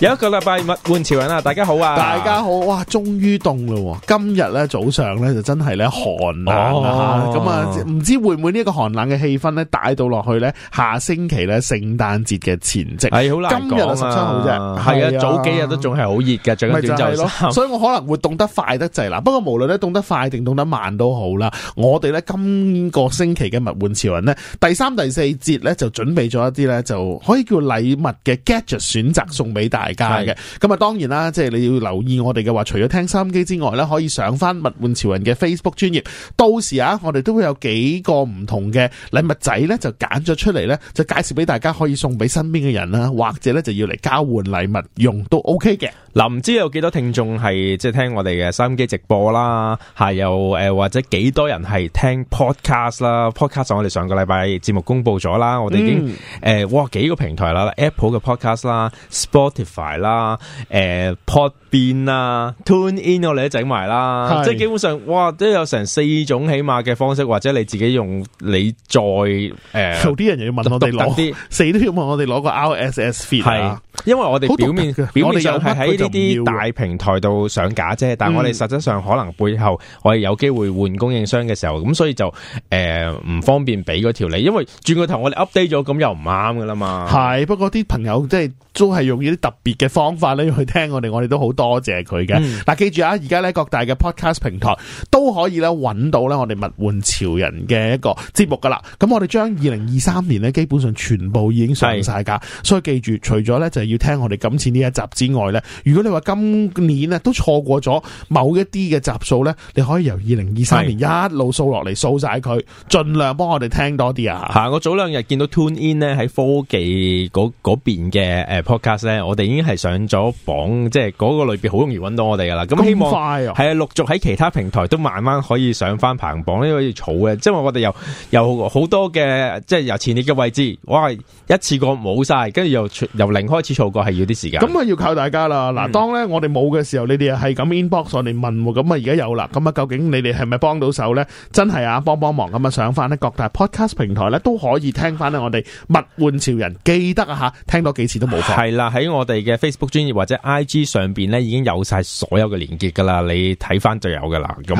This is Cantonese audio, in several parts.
有一個禮拜物玩潮人啦，大家好啊！大家好，哇，終於凍喎！今日咧早上咧就真係咧寒冷啊！咁啊，唔、oh. 知會唔會呢個寒冷嘅氣氛咧帶到落去咧下星期咧聖誕節嘅前夕？係好難講啊！今日十七號啫，係啊，早幾日都仲係好熱嘅，啊、最緊要就係囉！所以，我可能會凍得， 得快得滯啦。不過無論咧凍得快定凍得慢都好啦，我哋咧今個星期嘅物玩潮人咧第三、第四節咧就準備咗一啲咧就可以叫禮物嘅 gadget 選擇送俾大家。家嘅，咁啊，當然啦，即係你要留意我哋嘅話，除咗聽收音機之外咧，可以上翻《物玩潮人》嘅 Facebook 專頁。到時啊，我哋都會有幾個唔同嘅禮物仔咧，就揀咗出嚟咧，就介紹俾大家，可以送俾身邊嘅人啦，或者咧就要嚟交換禮物用都 OK 嘅。嗱，唔知有幾多聽眾係即係聽我哋嘅收音機直播啦，係有誒或者幾多人係聽 podcast 啦？podcast 我哋上個禮拜節目公布咗啦，我哋已經誒哇幾個平台啦，Apple 嘅 podcast 啦，Spotify。埋啦，誒 Pod。變啊 tune in 我哋都整埋啦，是即係基本上哇，都有成四種起碼嘅方式，或者你自己用你再誒，呃、有啲人又要問我哋攞啲，死都要問我哋攞個 RSS feed 啊，因為我哋表面嘅，表面又係喺呢啲大平台度上，上架啫，但係我哋實質上可能背後我哋有機會換供應商嘅時候，咁、嗯、所以就誒唔、呃、方便俾嗰條你，因為轉個頭我哋 update 咗，咁又唔啱噶啦嘛，係，不過啲朋友即係都係用呢啲特別嘅方法咧去聽我哋，我哋都好。多謝佢嘅，嗱、嗯、記住啊！而家呢各大嘅 podcast 平台都可以呢揾到呢我哋物換潮人嘅一個節目噶啦。咁我哋將二零二三年呢基本上全部已經上晒噶，是所以記住，除咗呢就係要聽我哋今次呢一集之外呢，如果你話今年呢都錯過咗某一啲嘅集數呢，你可以由二零二三年一路掃落嚟掃晒佢，盡量幫我哋聽多啲啊！吓，我早兩日見到 Tune In 呢喺科技嗰嗰邊嘅誒 podcast 呢，pod cast, 我哋已經係上咗榜，即係嗰個。類別好容易揾到我哋噶啦，咁希望係啊，陸續喺其他平台都慢慢可以上翻排行榜，呢可以儲嘅。即係我哋由由好多嘅，即係由前列嘅位置，哇！一次過冇晒，跟住又由零開始儲過，係要啲時間。咁啊，要靠大家啦。嗱，當咧我哋冇嘅時候，嗯、你哋係咁 inbox 我嚟問，咁啊，而家有啦。咁啊，究竟你哋係咪幫到手咧？真係啊，幫幫忙咁啊，上翻呢各大 podcast 平台咧都可以聽翻咧我哋物玩潮人，記得啊吓，聽多幾次都冇錯。係啦，喺我哋嘅 Facebook 專頁或者 IG 上邊咧。已經有晒所有嘅連結噶啦，你睇返就有噶啦。咁，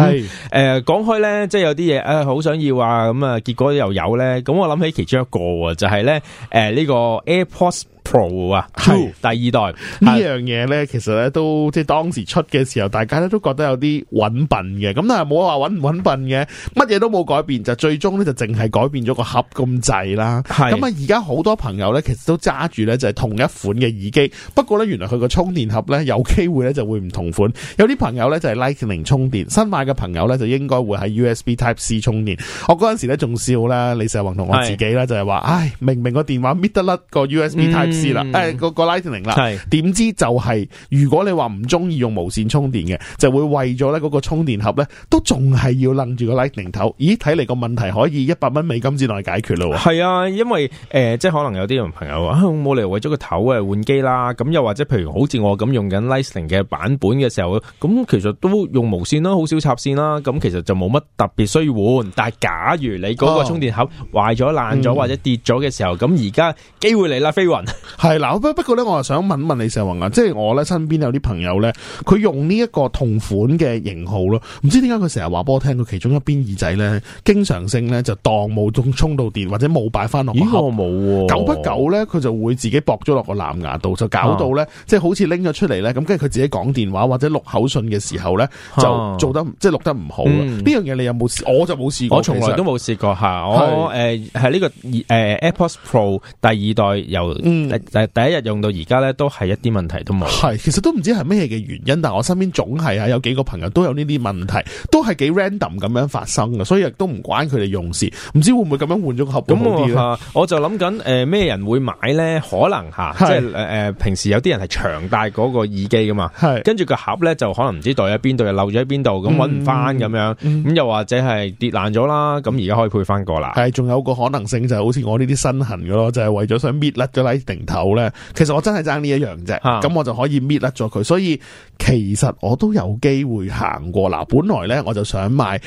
誒講開咧，即係有啲嘢，誒、呃、好想要啊，咁啊結果又有咧。咁我諗起其中一個就係、是、咧，誒、呃、呢、這個 AirPods。Pro 啊，係第二代呢，啊、樣嘢呢，其實呢都即係當時出嘅時候，大家都覺得有啲揾笨嘅，咁但係冇話揾唔揾笨嘅，乜嘢都冇改變，最終就最終呢就淨係改變咗個盒咁滯啦。咁啊而家好多朋友呢，其實都揸住呢就係同一款嘅耳機，不過呢，原來佢個充電盒呢，有機會呢就會唔同款，有啲朋友呢就係 Lightning 充電，新買嘅朋友呢就應該會係 USB Type C 充電。我嗰陣時呢仲笑啦，李世宏同我自己呢是就係話，唉，明明個電話搣得甩個 USB Type C，嗯知啦，誒、嗯，個 Lightning 啦，點知就係、是、如果你話唔中意用無線充電嘅，就會為咗咧嗰個充電盒咧，都仲係要擰住個 Lightning 頭。咦，睇嚟個問題可以一百蚊美金之內解決咯。係啊，因為誒、呃，即係可能有啲人朋友啊，冇理由為咗個頭啊換機啦。咁又或者譬如好似我咁用緊 Lightning 嘅版本嘅時候，咁其實都用無線啦，好少插線啦。咁其實就冇乜特別需要換。但係假如你嗰個充電盒壞咗爛咗或者跌咗嘅時候，咁而家機會嚟啦，飛雲。係嗱，不不過咧，我啊想問問你石宏啊，即係我咧身邊有啲朋友咧，佢用呢一個同款嘅型號咯，唔知點解佢成日話俾我聽，佢其中一邊耳仔咧，經常性咧就當冇中充到電或者冇擺翻落。咦，我冇喎，久、哦、不久咧佢就會自己駁咗落個藍牙度，就搞到咧，啊、即係好似拎咗出嚟咧，咁跟住佢自己講電話或者錄口信嘅時候咧，就做得即係錄得唔好。呢、嗯、樣嘢你有冇試？我就冇試過，我從來都冇試過吓。實是我誒係呢個誒、呃、AirPods Pro 第二代由。嗯第第一日用到而家咧，都係一啲問題都冇。係，其實都唔知係咩嘅原因，但我身邊總係啊，有幾個朋友都有呢啲問題，都係幾 random 咁樣發生嘅，所以亦都唔關佢哋用事。唔知會唔會咁樣換咗個盒好啲咧？咁我我就諗緊咩人會買咧？可能嚇，啊、是即係、呃、平時有啲人係長戴嗰個耳機噶嘛，跟住是個盒咧就可能唔知袋喺邊度，又漏咗喺邊度，咁搵唔翻咁樣，咁、嗯、又或者係跌爛咗啦，咁而家可以配翻個啦。係，仲有個可能性就係、好似我呢啲身痕嘅咯，就係、是、為咗想搣甩咗頭咧，其實我真係爭呢一樣啫，咁我就可以搣甩咗佢，所以。其實我都有機會行過嗱，本來咧我就想買誒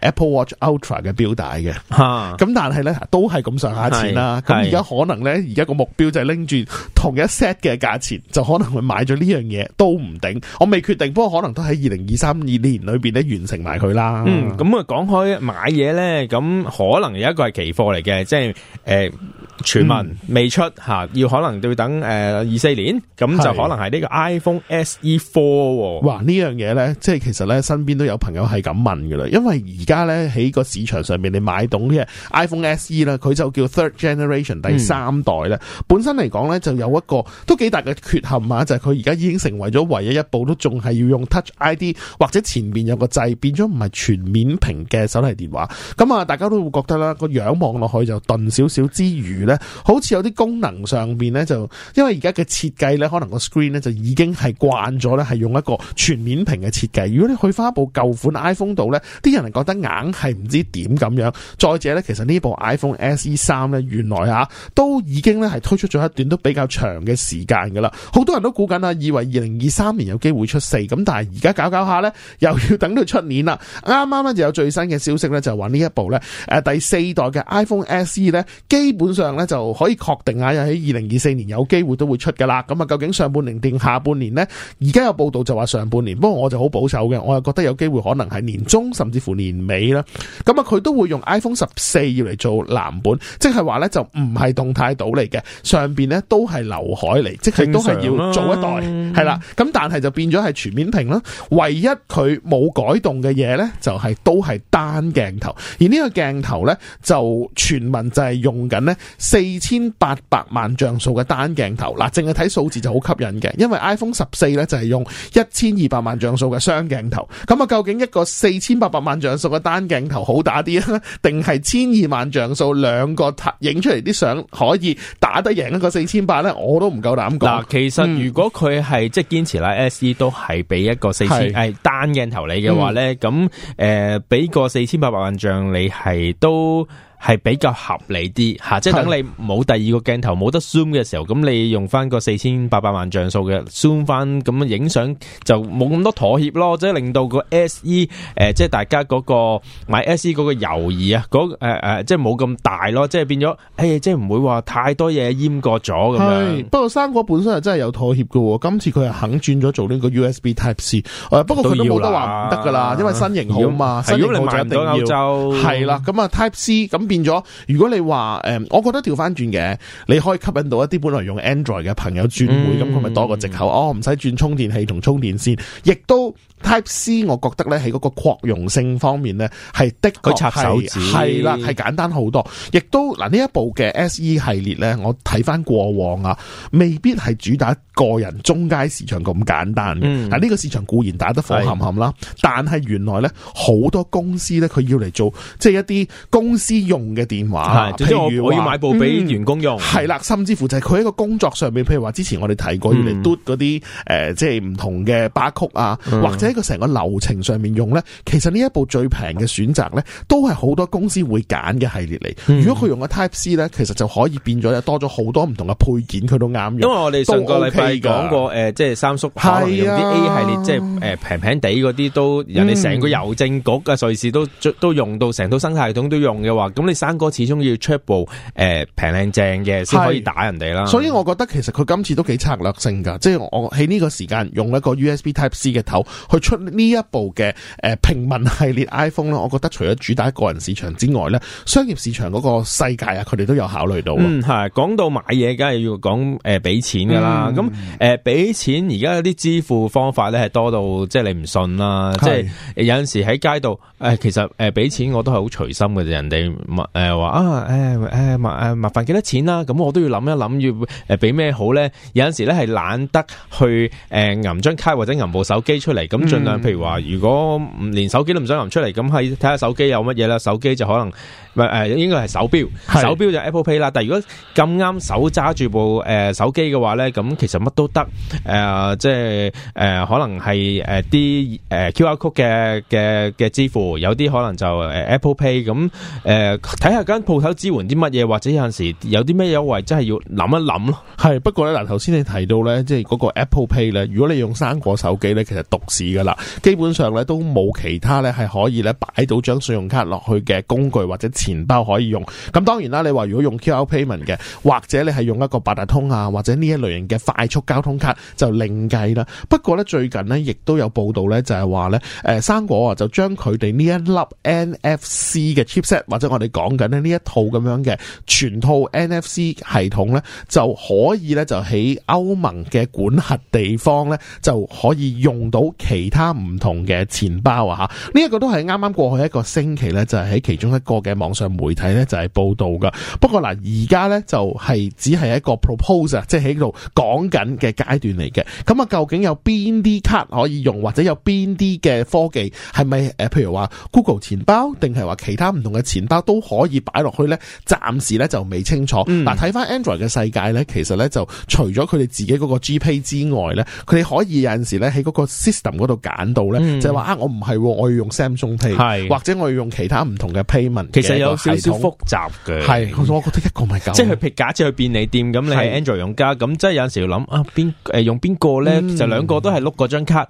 Apple Watch Ultra 嘅錶帶嘅，咁、啊、但係咧都係咁上下錢啦。咁而家可能咧，而家個目標就係拎住同一 set 嘅價錢，就可能會買咗呢樣嘢都唔頂，我未決定。不過可能都喺二零二三二年裏邊咧完成埋佢啦。嗯，咁啊講開買嘢咧，咁可能有一個係期貨嚟嘅，即係誒傳聞未出吓，嗯、要可能要等誒二四年，咁就可能係呢個 iPhone SE four。哇！呢樣嘢呢，即係其實呢，身邊都有朋友係咁問㗎啦。因為而家呢，喺個市場上面你買到呢 iPhone SE 啦，佢就叫 Third Generation 第三代咧。嗯、本身嚟講呢，就有一個都幾大嘅缺陷啊，就係佢而家已經成為咗唯一一部都仲係要用 Touch ID 或者前面有個掣，變咗唔係全面屏嘅手提電話。咁啊，大家都會覺得啦，個樣望落去就鈍少少之餘呢，好似有啲功能上面呢，就因為而家嘅設計呢，可能個 screen 呢，就已經係慣咗咧，係用一個全面屏嘅設計。如果你去翻部舊款 iPhone 度呢，啲人係覺得硬係唔知點咁樣。再者呢，其實呢部 iPhone SE 三呢，原來啊，都已經呢，係推出咗一段都比較長嘅時間噶啦。好多人都估緊啊，以為二零二三年有機會出四，咁但係而家搞搞下呢，又要等到出年啦。啱啱呢，就有最新嘅消息呢，就話呢一部呢，誒第四代嘅 iPhone SE 呢，基本上呢，就可以確定啊，又喺二零二四年有機會都會出㗎啦。咁啊，究竟上半年定下半年呢？而家有報道就話上半年，不過我就好保守嘅，我又覺得有機會可能係年中甚至乎年尾啦。咁啊，佢都會用 iPhone 十四要嚟做藍本，即係話呢就唔、是、係動態島嚟嘅，上邊呢都係劉海嚟，即、就、係、是、都係要做一代係啦。咁、啊、但係就變咗係全面屏啦。唯一佢冇改動嘅嘢呢，就係都係單鏡頭，而呢個鏡頭呢，就傳聞就係用緊呢四千八百萬像素嘅單鏡頭嗱，淨係睇數字就好吸引嘅，因為 iPhone 十四呢就係用。一千二百萬像素嘅雙鏡頭，咁啊，究竟一個四千八百萬像素嘅單鏡頭好打啲，定係千二萬像素兩個影出嚟啲相可以打得贏一個四千八呢？我都唔夠膽講。嗱，其實如果佢係、嗯、即係堅持啦，S E 都係俾一個四千係單鏡頭你嘅話呢，咁誒俾個四千八百萬像你係都。係比較合理啲吓，即係等你冇第二個鏡頭冇是得 zoom 嘅時候，咁你用翻個四千八百萬像素嘅 zoom 翻，咁影相就冇咁多妥協咯，即係令到個 S E 誒、呃，即係大家嗰、嗰個買 S E 嗰個猶豫啊，嗰誒誒，即係冇咁大咯，即係變咗，誒、欸，即係唔會話太多嘢閹割咗咁是樣。不過生果本身又真係有妥協喎，今次佢係肯轉咗做呢個 U S B Type C。誒，不過佢都冇得話唔得噶啦，因為新型好嘛，如果新型好就係啦，咁啊 Type C 咁。變咗，如果你話誒、嗯，我覺得調翻轉嘅，你可以吸引到一啲本來用 Android 嘅朋友轉會，咁佢咪多個借口。哦，唔使轉充電器同充電線，亦都 Type C，我覺得咧喺嗰個擴容性方面咧，係的確係、插手指、係啦，係簡單好多。亦都嗱呢一部嘅 SE 系列咧，我睇翻過往啊，未必係主打個人中階市場咁簡單呢、嗯、個市場固然打得火冚冚啦，嗯、但係原來咧好多公司咧，佢要嚟做即係一啲公司用。用嘅電話，譬如即係我我要買部俾員工用，係啦、嗯，甚至乎就係佢喺個工作上面，譬如話之前我哋提過，嗯、要嚟 do 嗰啲誒，即係唔同嘅 barcode 啊，嗯、或者喺成個,個流程上面用咧，其實呢一部最平嘅選擇咧，都係好多公司會揀嘅系列嚟。如果佢用個 Type C 咧，其實就可以變咗，多咗好多唔同嘅配件，佢都啱用。因為我哋上個禮拜講、OK、過誒、呃，即係三叔可能用啲 A 系列，啊、即係平平地嗰啲，都人哋成個郵政局嘅、啊、瑞士都都用到，成套生態系統都用嘅話，咁。生哥始終要出部誒平靚正嘅先可以打人哋啦，所以我覺得其實佢今次都幾策略性噶，即係我喺呢個時間用一個 USB Type C 嘅頭去出呢一部嘅誒平民系列 iPhone 咧，我覺得除咗主打個人市場之外咧，商業市場嗰個世界啊，佢哋都有考慮到。嗯，係講到買嘢，梗係要講誒俾錢噶啦，咁誒俾錢而家啲支付方法咧係多到即係、就是、你唔信啦，即係是有陣時喺街度誒、呃，其實誒俾錢我都係好隨心嘅，啫。人哋。誒話啊誒誒麻誒麻煩幾多錢啦，啊？咁我都要諗一諗，要誒俾咩好咧？有陣時咧係懶得去誒，銀、呃、張卡或者銀部手機出嚟，咁盡量。嗯、譬如話，如果連手機都唔想銀出嚟，咁係睇下手機有乜嘢啦。手機就可能。咪誒，應該係手表，手表就 Apple Pay 啦。但係如果咁啱手揸住部誒手機嘅話咧，咁其實乜都得誒、呃，即係誒、呃，可能係誒啲、呃、誒 QR code 嘅嘅嘅支付，有啲可能就誒、呃、Apple Pay。咁誒睇下間鋪頭支援啲乜嘢，或者有陣時有啲咩優惠，真係要諗一諗咯。係不過咧，嗱，頭先你提到咧，即係嗰個 Apple Pay 咧，如果你用生果手機咧，其實獨市噶啦，基本上咧都冇其他咧係可以咧擺到張信用卡落去嘅工具或者。錢包可以用，咁當然啦。你話如果用 QR payment 嘅，或者你係用一個八達通啊，或者呢一類型嘅快速交通卡就另計啦。不過呢，最近呢亦都有報道呢，就係話呢，誒生果啊，就將佢哋呢一粒 NFC 嘅 chipset，或者我哋講緊呢一套咁樣嘅全套 NFC 系統呢，就可以呢，就喺歐盟嘅管轄地方呢，就可以用到其他唔同嘅錢包啊！呢、呢、一個都係啱啱過去一個星期呢，就係、係、喺其中一個嘅網網上媒體咧，就係報道噶，不過嗱，而家咧，就係只係一個 proposal，即係喺度講緊嘅階段嚟嘅。咁啊，究竟有邊啲卡可以用，或者有邊啲嘅科技係咪誒，譬如話 Google 錢包，定係話其他唔同嘅錢包都可以擺落去咧？暫時咧，就未清楚。嗱、嗯，睇翻 Android 嘅世界咧，其實咧，就除咗佢哋自己嗰個 GP 之外咧，佢哋可以有陣時咧，喺嗰個 system 嗰度揀到咧，嗯、就係話啊，我唔係，我要用 Samsung Pay，是或者我要用其他唔同嘅 payment。其實。有少，少少複雜嘅，係是，我覺得一個咪咁，即係譬如假設去便利店咁，你係 Android 用家，咁是即係有陣時要諗啊，邊誒用邊個咧？嗯、就兩個都係碌嗰張卡，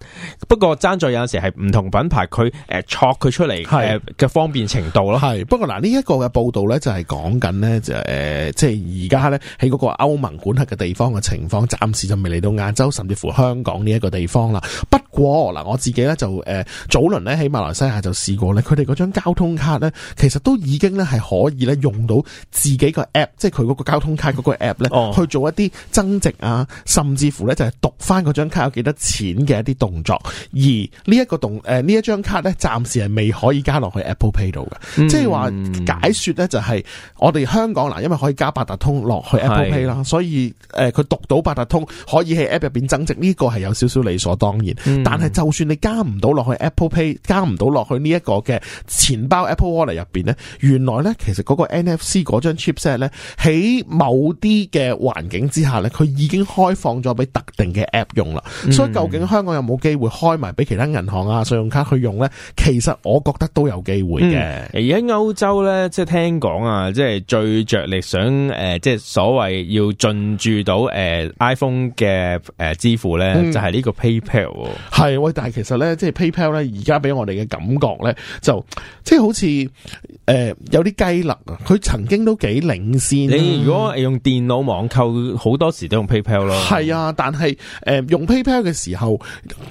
不過爭在有陣時係唔同品牌佢誒佢出嚟嘅是、呃、方便程度咯。係是、嗯，不過嗱、呃這個、呢一、就是呃就是、個嘅報道咧就係講緊咧就誒，即係而家咧喺嗰個歐盟管轄嘅地方嘅情況，暫時就未嚟到亞洲，甚至乎香港呢一個地方啦。不過嗱、呃，我自己咧就誒、呃、早輪咧喺馬來西亞就試過咧，佢哋嗰張交通卡咧其實都以。已經咧係可以咧用到自己個 app，即係佢嗰個交通卡嗰個 app 咧，oh. 去做一啲增值啊，甚至乎咧就係讀翻嗰張卡有幾多錢嘅一啲動作。而呢一個動誒呢一張卡咧，暫時係未可以加落去 Apple Pay 度嘅，即係話解説咧就係我哋香港嗱，因為可以加八達通落去 Apple Pay 啦是，所以誒佢讀到八達通可以喺 app 入邊增值，呢、呢個係有少少理所當然。Mm. 但係就算你加唔到落去 Apple Pay，加唔到落去呢一個嘅錢包 Apple Wallet 入邊咧。原來咧，其實嗰個 NFC 嗰張 chipset 咧，喺某啲嘅環境之下咧，佢已經開放咗俾特定嘅 app 用啦。嗯、所以究竟香港有冇機會開埋俾其他銀行啊、信用卡去用咧？其實我覺得都有機會嘅。而喺、嗯、歐洲咧，即係聽講啊，即、就、係、是、最着力想即係、呃就是、所謂要進駐到、呃、iPhone 嘅支付咧，就係、是、呢個 PayPal。係喂，但係其實咧，即係 PayPal 咧，而家俾我哋嘅感覺咧，就即係、就是、好似有啲雞肋啊！佢曾經都幾領先。你如果係用電腦網購，好多時都用 PayPal 咯。係啊，但係誒用 PayPal 嘅時候，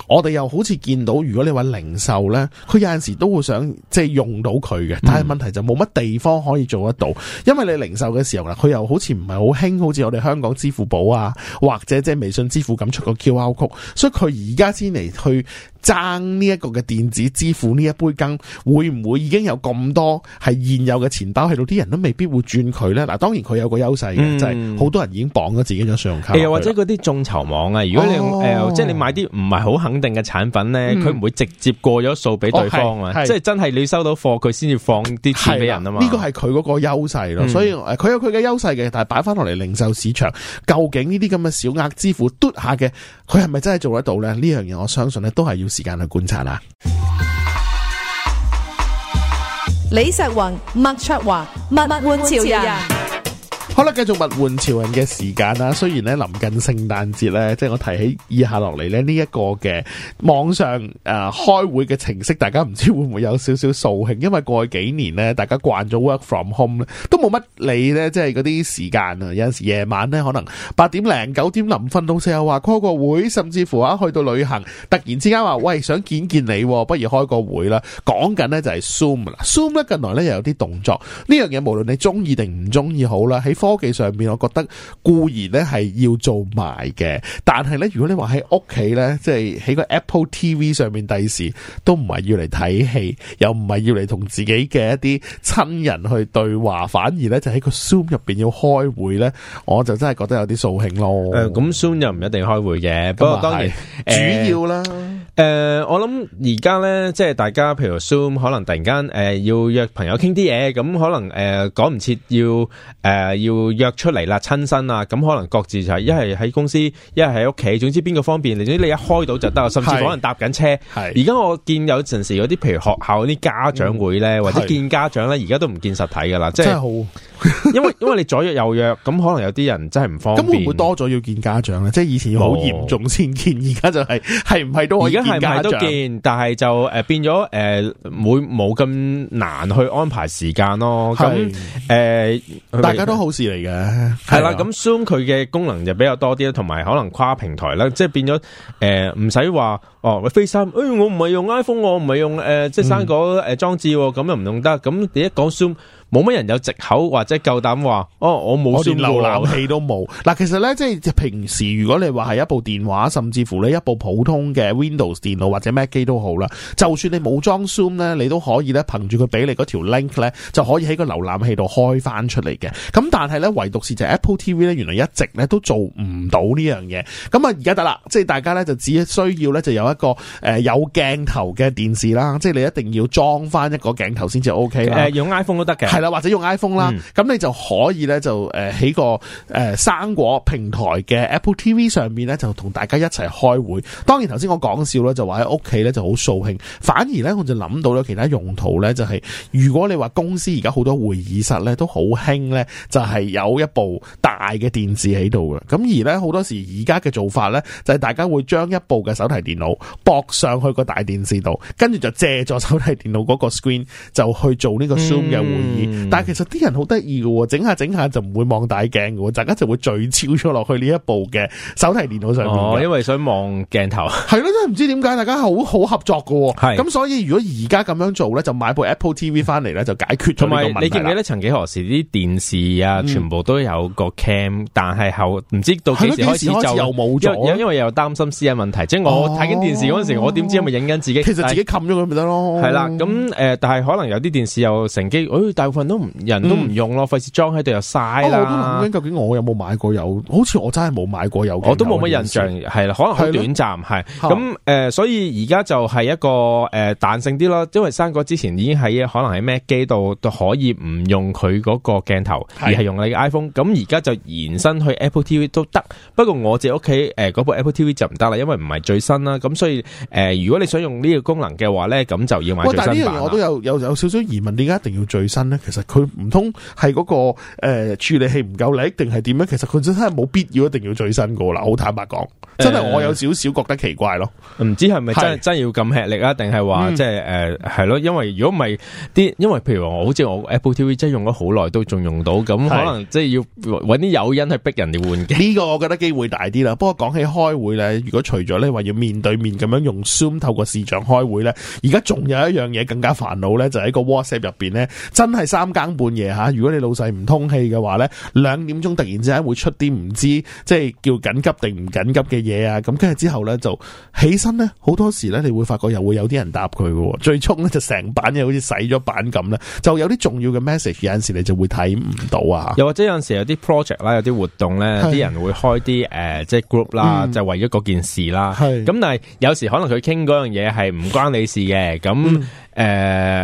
我哋又好似見到，如果你話零售呢，佢有陣時都會想即係用到佢嘅。嗯、但係問題就冇乜地方可以做得到，因為你零售嘅時候啦，佢又好似唔係好興，好似我哋香港支付寶啊，或者即係微信支付咁出個 QR Code，所以佢而家先嚟去。爭呢一個嘅電子支付呢一杯羹，會唔會已經有咁多係現有嘅錢包，喺度，啲人都未必會轉佢咧？嗱，當然佢有個優勢嘅，即係好多人已經綁咗自己嘅信用卡。又或者嗰啲眾籌網啊，如果你即係、哦呃就係、你買啲唔係好肯定嘅產品咧，佢唔、嗯、會直接過咗數俾對方啊，即係、哦、真係你收到貨，佢先至放啲錢俾人啊嘛。呢個係佢嗰個優勢咯，所以佢有佢嘅優勢嘅，嗯、但係擺翻落嚟零售市場，究竟呢啲咁嘅小額支付嘟下嘅，佢係咪真係做得到咧？呢樣嘢我相信咧，都係要。時間去觀察啦。李石宏、麥卓華物玩潮人。好啦，繼續物玩潮人嘅時間啦。雖然咧臨近聖誕節咧，即係我提起以下落嚟咧呢一個嘅網上誒開會嘅程式，大家唔知會唔會有少少掃興？因為過去幾年咧，大家慣咗 work from home 咧，都冇乜理咧，即係嗰啲時間啊。有陣時夜晚咧，可能八點零九點臨瞓，同事又話 call 個會，甚至乎啊去到旅行，突然之間話喂，想見見你，不如開個會啦。講緊咧就係 Zoom 啦，Zoom 咧近來咧又有啲動作。呢樣嘢無論你中意定唔中意好啦，喺科。科技上面，我覺得固然咧係要做埋嘅，但係咧如果你話喺屋企咧，即係喺個 Apple TV 上面第時，都唔係要嚟睇戲，又唔係要嚟同自己嘅一啲親人去對話，反而咧就喺個 Zoom 入邊要開會咧，我就真係覺得有啲掃興咯。誒，咁 Zoom 又唔一定開會嘅，不過當然主要啦。誒，我諗而家咧，即係大家譬如 Zoom 可能突然間誒要約朋友傾啲嘢，咁可能誒講唔切要誒要。約出嚟啦，親身啊，咁可能各自就係一係喺公司，一係喺屋企，總之邊個方便，總之你一開到就得啦，甚至可能搭緊車。係而家我見有陣時嗰啲，譬如學校啲家長會咧，嗯、或者見家長咧，而家都唔見實體噶啦，即係。因為 因為你左約右約，咁可能有啲人真係唔方便。咁會唔會多咗要見家長咧？即係以前要好嚴重先見，而家就係係唔係都我而家係唔係都見，但係就誒變咗誒會冇咁難去安排時間咯。咁誒是、呃、大家都好事嚟嘅，係啦。咁 Zoom 佢嘅功能就比較多啲啦，同埋可能跨平台啦，即係變咗誒唔使話哦，FaceTime，哎、我唔係用 iPhone，我唔係用誒即係生果誒裝置，咁又唔用得。咁你一講 Zoom。冇乜人有藉口或者夠膽話，哦，我冇算瀏覽器都冇。嗱，其實呢，即係平時如果你話係一部電話，甚至乎呢一部普通嘅 Windows 電腦或者 Mac 機都好啦，就算你冇裝 Zoom 呢，你都可以呢，憑住佢俾你嗰條 link 呢，就可以喺個瀏覽器度開翻出嚟嘅。咁但係呢，唯獨是就 Apple TV 呢，原來一直呢都做唔到呢樣嘢。咁啊，而家得啦，即係大家呢，就只需要呢，就有一個誒有鏡頭嘅電視啦，即係你一定要裝翻一個鏡頭先至 OK 啦。用 iPhone 都得嘅。或者用 iPhone 啦、嗯，咁你就可以咧就誒起個誒生果平台嘅 Apple TV 上面咧，就同大家一齊開會。當然頭先我講笑啦，就話喺屋企咧就好掃興，反而咧我就諗到咧其他用途咧、就係，就係如果你話公司而家好多會議室咧都好興咧，就係有一部大嘅電視喺度嘅。咁而咧好多時而家嘅做法咧，就係大家會將一部嘅手提電腦駁上去個大電視度，跟住就借咗手提電腦嗰 screen 就去做呢個 Zoom 嘅會議。嗯嗯、但係其實啲人好得意喎，整下整下就唔會望大鏡喎，大家就會聚焦咗落去呢一部嘅手提電腦上面、哦。因為想望鏡頭。係咯， 真係唔知點解大家好好合作㗎喎。咁是所以如果而家咁樣做咧，就買部 Apple TV 翻嚟咧，就解決咗個問題。你記唔記得曾幾何時啲電視啊，全部都有個 cam，但係後唔知道到幾時開始就又冇咗，因為又擔心私隱問題。即係我睇緊電視嗰陣時，啊、我點知係咪影緊自己？其實自己冚咗佢咪得咯。係啦但，咁誒，但係可能有啲電視又乘機，哎都唔人都唔用咯，費事裝喺度又嘥啦。哦、我究竟我有冇買過有？好似我真係冇買過有。我都冇乜印象，係啦的，可能佢短暫係。咁誒、呃，所以而家就係一個誒彈、呃、性啲咯。因為生果之前已經喺可能喺 Mac 機度都可以唔用佢嗰個鏡頭，的而係用你嘅 iPhone。咁而家就延伸去 Apple TV 都得。不過我自己屋企誒嗰部 Apple TV 就唔得啦，因為唔係最新啦。咁所以誒、呃，如果你想用呢個功能嘅話咧，咁就要買最新版。我都有有有少少疑問，點解一定要最新咧？其實佢唔通係嗰個誒、呃、處理器唔夠力，定係點咧？其實佢真係冇必要一定要最新噶啦，好坦白講。真係我有少少覺得奇怪咯、嗯，唔知係咪真是真係要咁吃力啊？定係話即係誒係咯？因為如果唔係啲，因為譬如話我好似我 Apple TV 真係用咗好耐都仲用到，咁可能即係要揾啲誘因去逼人哋換嘅。呢 個我覺得機會大啲啦。不過講起開會咧，如果除咗咧話要面對面咁樣用 Zoom 透過視像開會咧，而家仲有一樣嘢更加煩惱咧，就係、是、一個 WhatsApp 入邊咧，真係三更半夜吓，如果你老細唔通氣嘅話咧，兩點鐘突然之間會出啲唔知即係叫緊急定唔緊急嘅。嘢啊，咁跟住之後咧，就起身咧，好多時咧，你會發覺又會有啲人答佢喎。最終咧，就成版嘢好似洗咗版咁啦。就有啲重要嘅 message，有陣時你就會睇唔到啊。又或者有陣時有啲 project 啦，有啲活動咧，啲是人會開啲誒、呃，即係 group 啦、嗯，就為咗嗰件事啦。係咁是，但係有時可能佢傾嗰樣嘢係唔關你事嘅，咁。嗯誒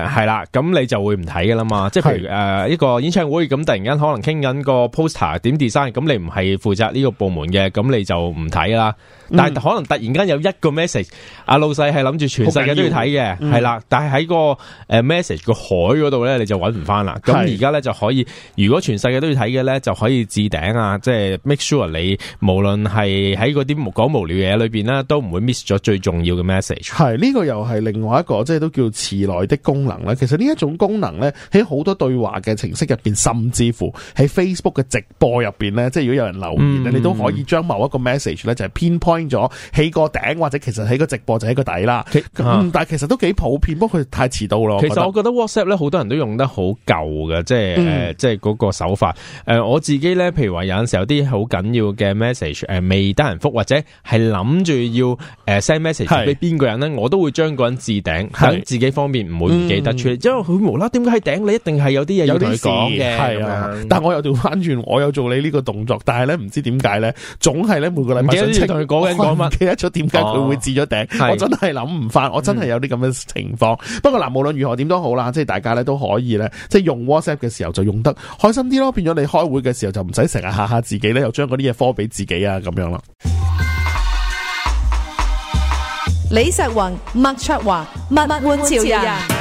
係啦，咁、嗯、你就會唔睇㗎啦嘛。即係譬如、呃、一個演唱會，咁突然間可能傾緊個 poster 點 design，咁你唔係負責呢個部門嘅，咁你就唔睇啦。但係可能突然間有一個 message，阿老細係諗住全世界都要睇嘅，係啦。嗯、但係喺個誒 message、個海度咧，你就揾唔翻啦。咁而家咧就可以，如果全世界都要睇嘅咧，就可以置頂啊，即係 make sure 你無論係喺啲冇講冇聊嘢裏邊咧，都唔會 miss 咗最重要嘅 message。係呢個又係另外一個即係都叫遲來的功能啦，其實呢一種功能咧，喺好多對話嘅程式入邊，甚至乎喺 Facebook 嘅直播入邊咧，即係如果有人留言、嗯、你都可以將某一個 message 咧就係 pinpoint。咗，起個頂或者其實喺個直播就喺個底啦。啊、但係其實都幾普遍，不過佢太遲到咯。其實我覺得 WhatsApp 咧好多人都用得好舊嘅，嗯、即係誒，即係嗰個手法。誒、呃，我自己咧，譬如話有陣時有啲好緊要嘅 message，誒未得人複或者係諗住要誒 send message 俾邊個人咧，係我都會將個人置頂，等係自己方面唔會唔記得出嚟，嗯、因為佢無啦點解喺頂，你一定係有啲嘢要講嘅。係啊，咁樣啊，但我又調翻轉，我有做你呢個動作，但係咧唔知點解咧，總係咧每個禮拜唔記得要同佢講。我唔記得咗點解佢會置咗頂？哦、我真係諗唔翻，是我真係有啲咁嘅情況。嗯、不過嗱，無論如何點都好啦，即係大家咧都可以咧，即係用 WhatsApp 嘅時候就用得開心啲咯。變咗你開會嘅時候就唔使成日吓吓自己咧，又將嗰啲嘢 copy 俾自己啊咁樣啦。李石云、麥卓華、物玩潮人。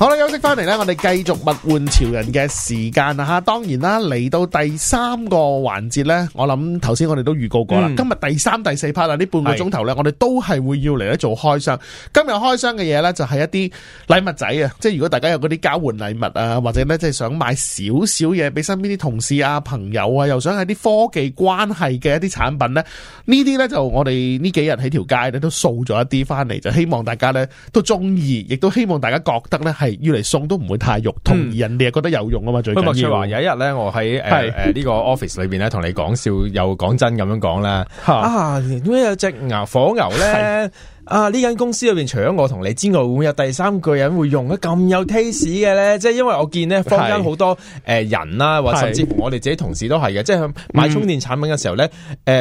好啦，休息翻嚟咧，我哋繼續物玩潮人嘅時間啦吓。當然啦，嚟到第三個環節咧，我諗頭先我哋都預告過啦。嗯、今日第三、第四 part 啊，呢半個鐘頭咧，是我哋都係會要嚟咧做開箱。今日開箱嘅嘢咧，就係一啲禮物仔啊，即係如果大家有嗰啲交換禮物啊，或者咧即係想買少少嘢俾身邊啲同事啊、朋友啊，又想喺啲科技關係嘅一啲產品咧，呢啲咧就我哋呢幾日喺條街咧都掃咗一啲翻嚟，就希望大家咧都中意，亦都希望大家覺得咧係。要嚟送都唔會太肉痛，嗯、人哋又覺得有用啊嘛，最緊要。咁莫翠華有一日咧，我喺誒誒呢個 office 裏邊咧，同你講笑又講真咁樣講咧。 啊，點解有隻牛火牛咧？啊！呢間公司裏面，除咗我同你之外，會唔會有第三個人會用得咁有 taste 嘅咧？即係因為我見呢坊間好多人啦，或甚至乎我哋自己同事都係嘅。即係買充電產品嘅時候咧，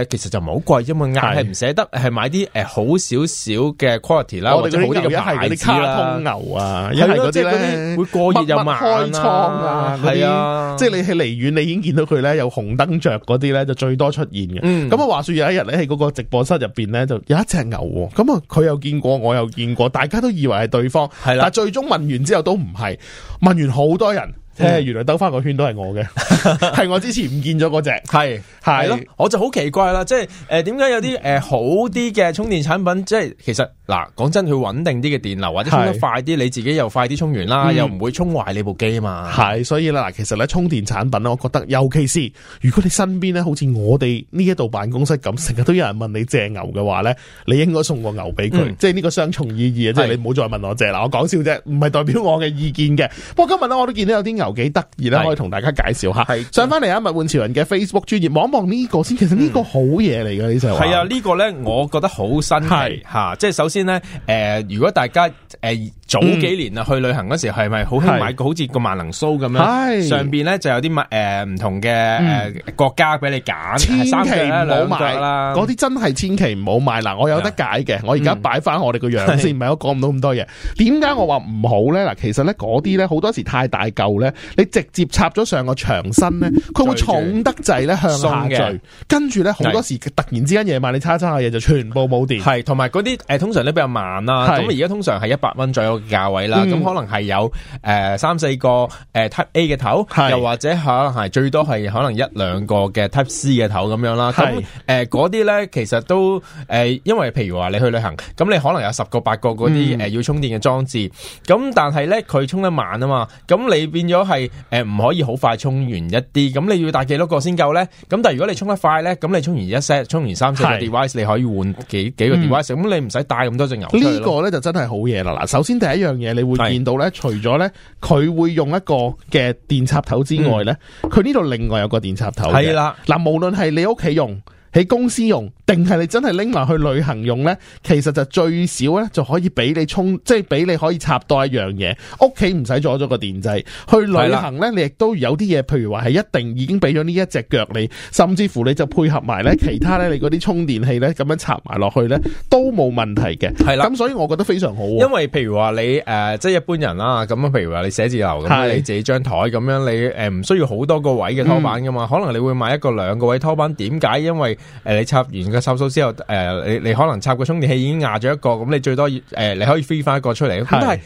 其實就唔係好貴，因為硬係唔捨得係買啲好少少嘅 quality 啦，或者好啲嘅牌子啦。啲卡通牛啊，因咯，即係嗰啲會過熱又賣啊，係啊，即係你係離遠你已經見到佢咧有紅燈着嗰啲咧，就最多出現嘅。咁啊，話說有一日你喺嗰個直播室入面咧，就有一隻牛咁啊。佢又見過，我又見過，大家都以為係對方，係啦的。但最終問完之後都唔係，問完好多人。原來兜翻個圈都係我嘅，係 我之前唔見咗嗰隻，係係咯，我就好奇怪啦，即係誒，點解有啲誒、嗯、呃、好啲嘅充電產品，即係其實嗱，講真，佢穩定啲嘅電流，或者充得快啲，是你自己又快啲充完啦，嗯、又唔會充壞你部機啊嘛，係，所以啦，嗱，其實咧充電產品咧，我覺得尤其是如果你身邊咧好似我哋呢一度辦公室咁，成日都有人問你借牛嘅話咧，你應該送個牛俾佢，嗯、即係呢個雙重意義啊，即係是你唔好再問我借啦，我講笑啫，唔係代表我嘅意見嘅。不過今日咧，我都見到有啲牛。幾得意啦，可以同大家介紹下。的上翻嚟啊，物玩潮人嘅 Facebook 專頁，望一望呢個先。其實呢個好嘢嚟嘅，呢、嗯，就係啊呢個咧，我覺得好新奇吓。即係的首先咧，誒、呃，如果大家誒。呃早幾年啊，去旅行嗰時係咪好興買好似個萬能蘇咁樣？上邊咧就有啲乜誒唔同嘅誒國家俾你揀，千祈唔好買嗰啲真係千祈唔好買。嗱，我有得解嘅，我而家擺翻我哋個樣先，唔係我講唔到咁多嘢。點解我話唔好咧？嗱，其實咧嗰啲咧好多時太大嚿咧，你直接插咗上個牆身咧，佢會重得滯咧向下墜。跟住咧好多時突然之間夜晚你叉叉下嘢就全部冇電，係同埋嗰啲誒通常咧比較慢啦。咁而家通常係一百蚊左右。價位啦，咁可能係有誒三四個誒 Type A 嘅頭，又或者可能係最多係可能一兩個嘅 Type C 嘅頭咁樣啦。咁誒嗰啲咧，其實都誒，因為譬如話你去旅行，咁你可能有十個八個嗰啲誒要充電嘅裝置，咁但係咧佢充得慢啊嘛，咁你變咗係誒唔可以好快充完一啲，咁你要帶幾多個先夠咧？咁但係如果你充得快咧，咁你充完一 set，充完三四個 device，你可以換幾幾個 device，咁你唔使帶咁多隻牛。呢個咧就真係好嘢啦，嗱，首先第。第一樣嘢，你會見到咧，是除咗咧，佢會用一個嘅電插頭之外咧，佢呢度另外有個電插頭嘅。係啦的，嗱，無論係你屋企用。喺公司用，定係你真係拎埋去旅行用呢？其實就最少呢，就可以俾你充，即係俾你可以插多一樣嘢。屋企唔使阻咗個電掣，去旅行呢，你亦都有啲嘢，譬如話係一定已經俾咗呢一隻腳你，甚至乎你就配合埋呢其他呢，你嗰啲充電器呢，咁樣插埋落去呢，都冇問題嘅。係啦的，咁所以我覺得非常好，啊。因為譬如話你誒、呃，即係一般人啦，咁樣譬如話你寫字樓咁是的 樣，你自己張台咁樣，你誒唔需要好多個位嘅拖板噶嘛？嗯、可能你會買一個兩個位拖板，點解？因為誒、呃，你插完個插蘇之後，誒、呃，你你可能插個充電器已經壓咗一個，咁你最多，誒、呃，你可以 free 翻一個出嚟。咁是但係，